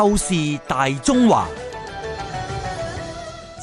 透視大中華，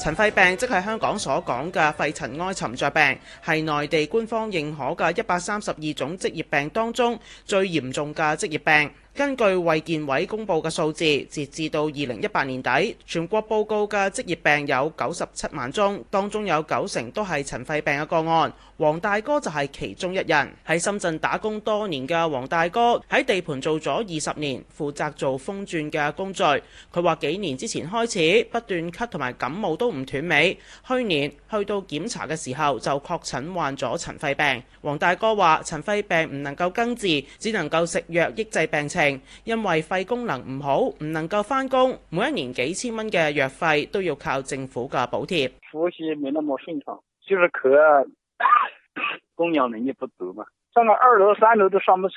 塵肺病即係香港所講嘅肺塵埃沉着病，係內地官方認可嘅一百三十二種職業病當中最嚴重嘅職業病。根據衛健委公布嘅數字，截至到二零一八年底，全國報告嘅職業病有九十七萬宗，當中有九成都係塵肺病嘅個案。黃大哥就係其中一人，喺深圳打工多年嘅黃大哥喺地盤做咗二十年，負責做風鑽嘅工序。佢話幾年之前開始不斷咳同埋感冒都唔斷尾，去年去到檢查嘅時候就確診患咗塵肺病。黃大哥話塵肺病唔能夠根治，只能夠食藥抑制病情。因為肺功能唔好，唔能夠翻工，每一年幾千蚊嘅藥費都要靠政府嘅補貼。呼吸沒那麼順暢，就是咳，供氧能力不足嘛，上到二樓三樓都上不去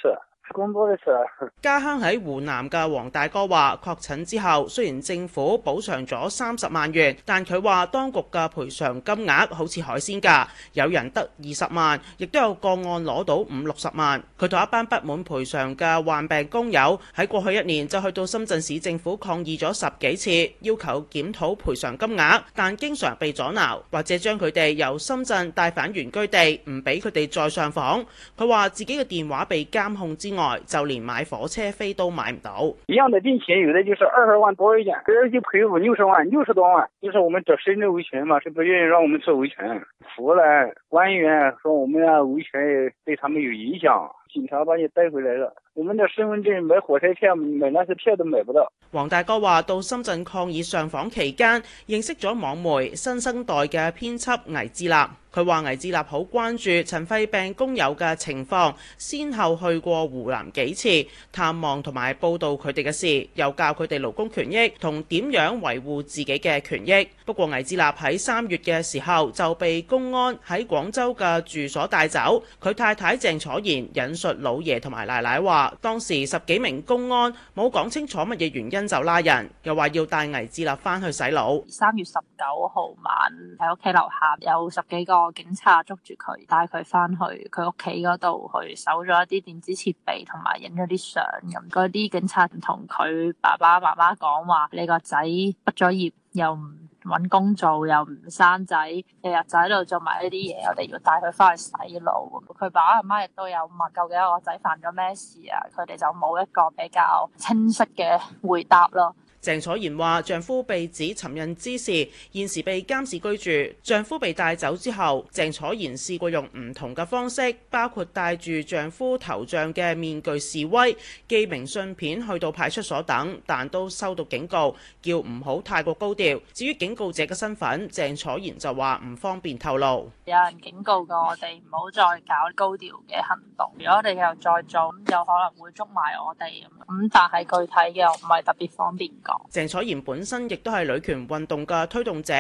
家鄉喺湖南嘅黃大哥話，確診之後雖然政府補償咗三十萬元，但佢話當局嘅賠償金額好似海鮮價，有人得二十萬，亦都有個案攞到五六十萬。佢同一班不滿賠償嘅患病工友喺過去一年就去到深圳市政府抗議咗十幾次，要求檢討賠償金額，但經常被阻撓，或者將佢哋由深圳帶返原居地，唔俾佢哋再上訪。佢話自己嘅電話被監控之外。就連買火車飛都買唔到，一樣的病情，有的就是二十萬多一點，而家就賠五六十萬，六十多萬。就是我們找深圳維權嘛，是不願意讓我們做維權。湖南官員說我們要維權對他們有影響，警察把你帶回來了，我們的身份證買火車票買那些票都買不到。王大哥話到深圳抗議上訪期間，認識咗網媒新生代嘅編輯危志立。佢話危志立好關注塵肺病工友嘅情況，先後去過湖南幾次探望同埋報道佢哋嘅事，又教佢哋勞工權益同點樣維護自己嘅權益。不過危志立喺三月嘅時候就被公安喺廣州嘅住所帶走。佢太太鄭楚賢引述老爺同埋奶奶話，當時十幾名公安冇講清楚乜嘢原因就拉人，又話要帶危志立翻去洗腦。三月十九號晚喺屋企樓下有十幾個個警察捉住佢，帶佢翻去佢屋企嗰度，去搜咗一啲電子設備，同埋影咗啲相咁。嗰啲警察同佢爸爸媽媽講話：你個仔畢咗業又唔搵工做，又唔生仔，日日就喺度做埋一啲嘢。我哋要帶佢翻去洗腦。佢爸爸媽媽亦都有問：究竟我個仔犯咗咩事啊？佢哋就冇一個比較清晰嘅回答咯。鄭楚賢話：丈夫被指尋釁滋事，現時被監視居住。丈夫被帶走之後，鄭楚然試過用唔同嘅方式，包括戴住丈夫頭像嘅面具示威，寄明信片去到派出所等，但都收到警告，叫唔好太過高調。至於警告者嘅身份，鄭楚然就話唔方便透露。有人警告過我哋唔好再搞高調嘅行動，如果我哋又再做，咁有可能會捉埋我哋咁。咁但係具體嘅又唔係特別方便講。鄭楚然本身亦都係女權運動嘅推動者，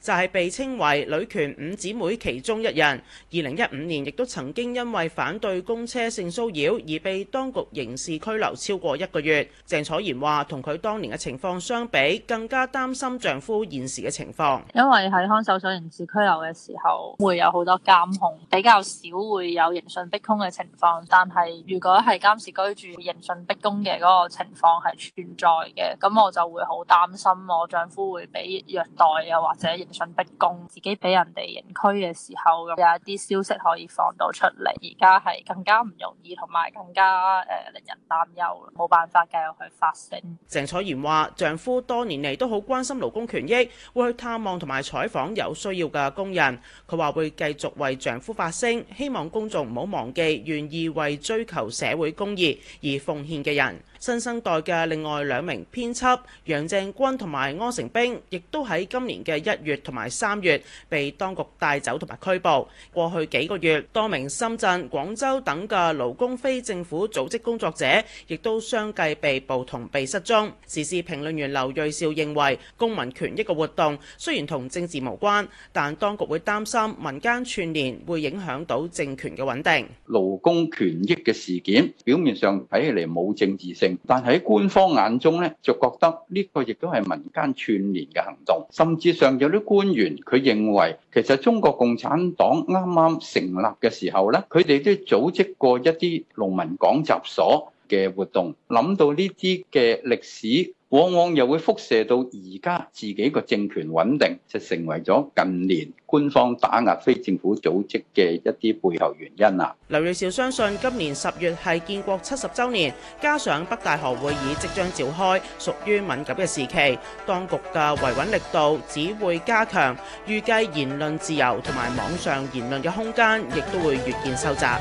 就係被稱為女權五姊妹其中一人。二零一五年亦都曾經因為反對公車性騷擾而被當局刑事拘留超過一個月。鄭楚然話：同佢當年嘅情況相比，更加擔心丈夫現時嘅情況。因為喺看守所刑事拘留嘅時候，會有好多監控，比較少會有刑訊逼供嘅情況。但係如果係監視居住，刑訊逼供嘅嗰個情況係存在嘅，咁我。就會好擔心，我丈夫會被虐待啊，或者刑訊逼供，自己俾人哋刑拘嘅時候，有一啲消息可以放到出嚟。而家係更加唔容易，同埋更加誒令人擔憂啦，冇辦法繼續去發聲。鄭彩賢話：丈夫多年嚟都好關心勞工權益，會去探望同埋採訪有需要嘅工人。佢話會繼續為丈夫發聲，希望公眾唔好忘記願意為追求社會公義而奉獻嘅人。新生代嘅另外兩名編輯楊正軍同埋柯成兵，亦都喺今年嘅一月同埋三月被當局帶走同埋拘捕。過去幾個月，多名深圳、廣州等嘅勞工非政府組織工作者，亦都相繼被捕同被失蹤。時事評論員劉銳紹認為，公民權益嘅活動雖然同政治無關，但當局會擔心民間串連會影響到政權嘅穩定。勞工權益嘅事件表面上睇起嚟冇政治性。但喺官方眼中咧，就覺得呢個亦都係民間串聯嘅行動，甚至上有啲官員，佢認為，其實中國共產黨啱啱成立嘅時候咧，佢哋都組織過一啲農民講習所嘅活動，諗到呢啲嘅歷史，往往又會輻射到而家自己個政權穩定，就成為咗近年官方打壓非政府組織嘅一啲背後原因啊，劉瑞兆相信今年十月係建國七十週年，加上北戴河會議即將召開，屬於敏感嘅時期，當局嘅維穩力度只會加強，預計言論自由同埋網上言論嘅空間亦都會越見收窄。